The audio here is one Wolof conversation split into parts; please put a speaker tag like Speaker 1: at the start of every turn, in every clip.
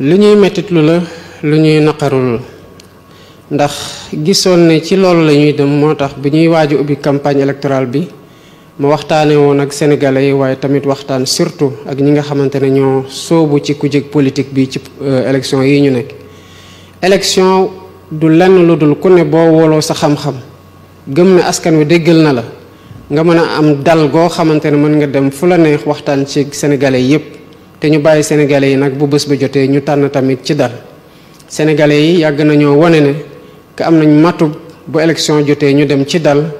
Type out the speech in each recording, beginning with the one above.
Speaker 1: li ñuy mettitlu la lu ñuy naqarul ndax gisoon ne ci loolu la ñuy dem moo tax bi ñuy waaju ubbi campagne électorale bi ma waxtaane woon ak sénégalais yi waaye tamit waxtaan surtout ak ñi nga xamante ne ñoo soobu ci kujje politique bi ci euh, élection yi ñu nekk élection du lenn lu dul ku ne boo woloo sa xam-xam gëm ne askan wi déggal na la nga mën a am dal goo xamante ne mën nga dem fu la neex waxtaan ci sénégalais yépp te ñu bàyyi sénégalais yi nag bu bés ba jotee ñu tànn tamit ci dal sénégalais yi yàgg nañoo wane ne que am nañ matu bu élection jotee ñu dem ci dal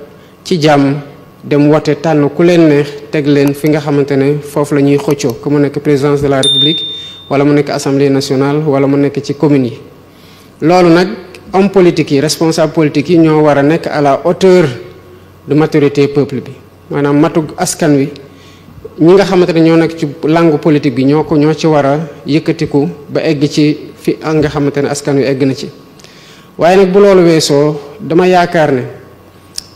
Speaker 1: ci jàmm dem wote tànn ku leen neex teg leen fi nga xamante ne foofu la ñuy xëccoo que mu nekk présidence de la république wala mu nekk assemblée nationale wala mu nekk ci commune yi loolu nag homme politique yi responsable politique yi ñoo war a nekk à la hauteur de maturité peuple bi maanaam matug askan wi ñi nga xamante ne ñoo nag ci langue politique bi ñoo ko ñoo ci war a yëkkatiku ba egg ci fi nga xamante ne askan wi egg na ci waaye nag bu loolu weesoo dama yaakaar ne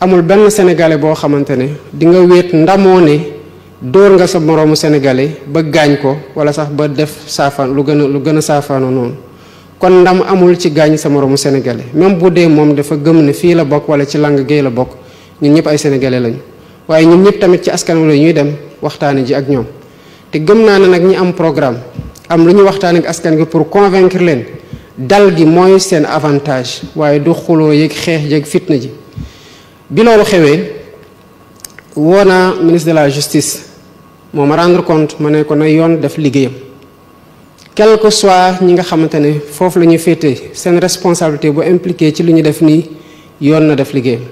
Speaker 1: amul benn sénégalais boo xamante ne di nga wéet ndamoo ne dóor nga sa moroomu sénégalais ba gaañ ko wala sax ba def saafaan lu gën a lu gën a saafaano noonu kon ndam amul ci gaañ sa moroomu sénégalais même bu dee moom dafa gëm ne fii la bokk wala ci langue géey la bokk ñun ñëpp ay sénégalais lañu waaye ñun ñëpp tamit ci askan wi ñuy dem waxtane ji ak ñom te gëm na na nak ñi am programme am luñu waxtane ak askan gi pour convaincre len dal gi moy sen avantage waye du xulo yek xex yeeg fitna ji bi lolu xewé wona ministre de la justice mo ma rendre compte ma ko na yoon def liggéeyam quel que soit ñi nga xamantene fofu lañu fété sen responsabilité bu impliqué ci luñu def ni yoon na def liggéeyam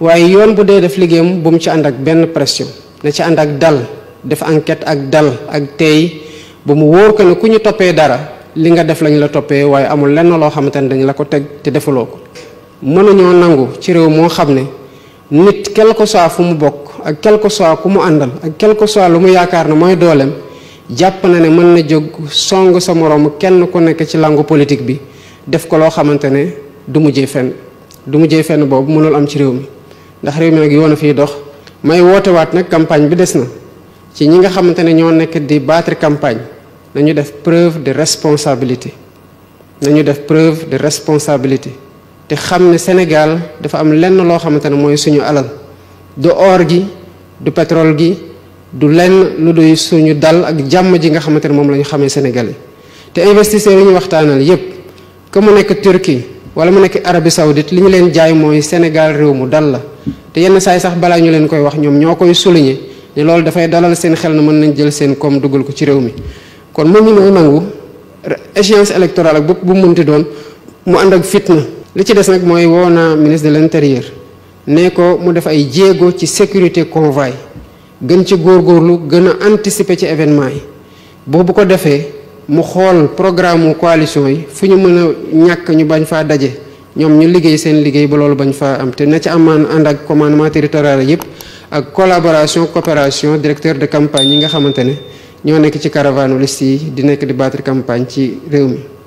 Speaker 1: waye yoon bu dé def liggéeyam bu mu ci and ak ben pression na ci andak dal def enquête ak dal ak tey bu mu wor ko ne ku ñu dara li nga def lañ la topé way amul lenn lo xamantene dañ la ko tegg te defuloo ko ñoo nangu ci rew mo xamne nit kel soit fu mu bok ak quelque soit ku mu andal ak quelque soit lu mu yaakar na moy dolem japp na ne mën na jog song sa morom kenn ku nekk ci langue politique bi def ko lo xamantene du mujjé fenn du mujjé fenn bobu mënul am ci rew mi ndax rew mi nak fi dox may wootewaat nag campagne bi des na ci ñi nga xamante ne ñoo nekk di battre campagne nañu def preuve de responsabilité nañu def preuve de responsabilité te xam ne Sénégal dafa am lenn loo xamante ne mooy suñu alal du or gi du pétrole gi du lenn lu doy suñu dal ak jàmm ji nga xamante ne moom la ñu xamee Sénégal yi te investisseurs yi ñu waxtaanal yépp que mu nekk Turquie wala mu nekk Arabie Saoudite li ñu leen jaay mooy Sénégal réew mu dal la te yenn saay sax balaa ñu leen koy wax ñoom ñoo koy souligner ne loolu dafay dalal seen xel na mën nañ jël seen koom dugal ko ci réew mi kon moom ñu nooy nangu échéance électorale ak bopp bu mu ti doon mu ànd ak fitna li ci des nag mooy woo naa ministre de l'intérieur ne ko mu def ay jéego ci sécurité convoi gën ci góorgóorlu gën a anticiper ci événement yi boo bu ko defee mu xool programme coalition yi fu ñu mën a ñàkk ñu bañ faa daje ñoom ñu liggéey seen liggéey ba loolu bañ faa am te na ci amaan ànd ak commandement territorial yëpp ak collaboration coopération directeur de campagne yi nga xamante ne ñoo nekk ci caravane liste yi di nekk di battre campagne ci réew mi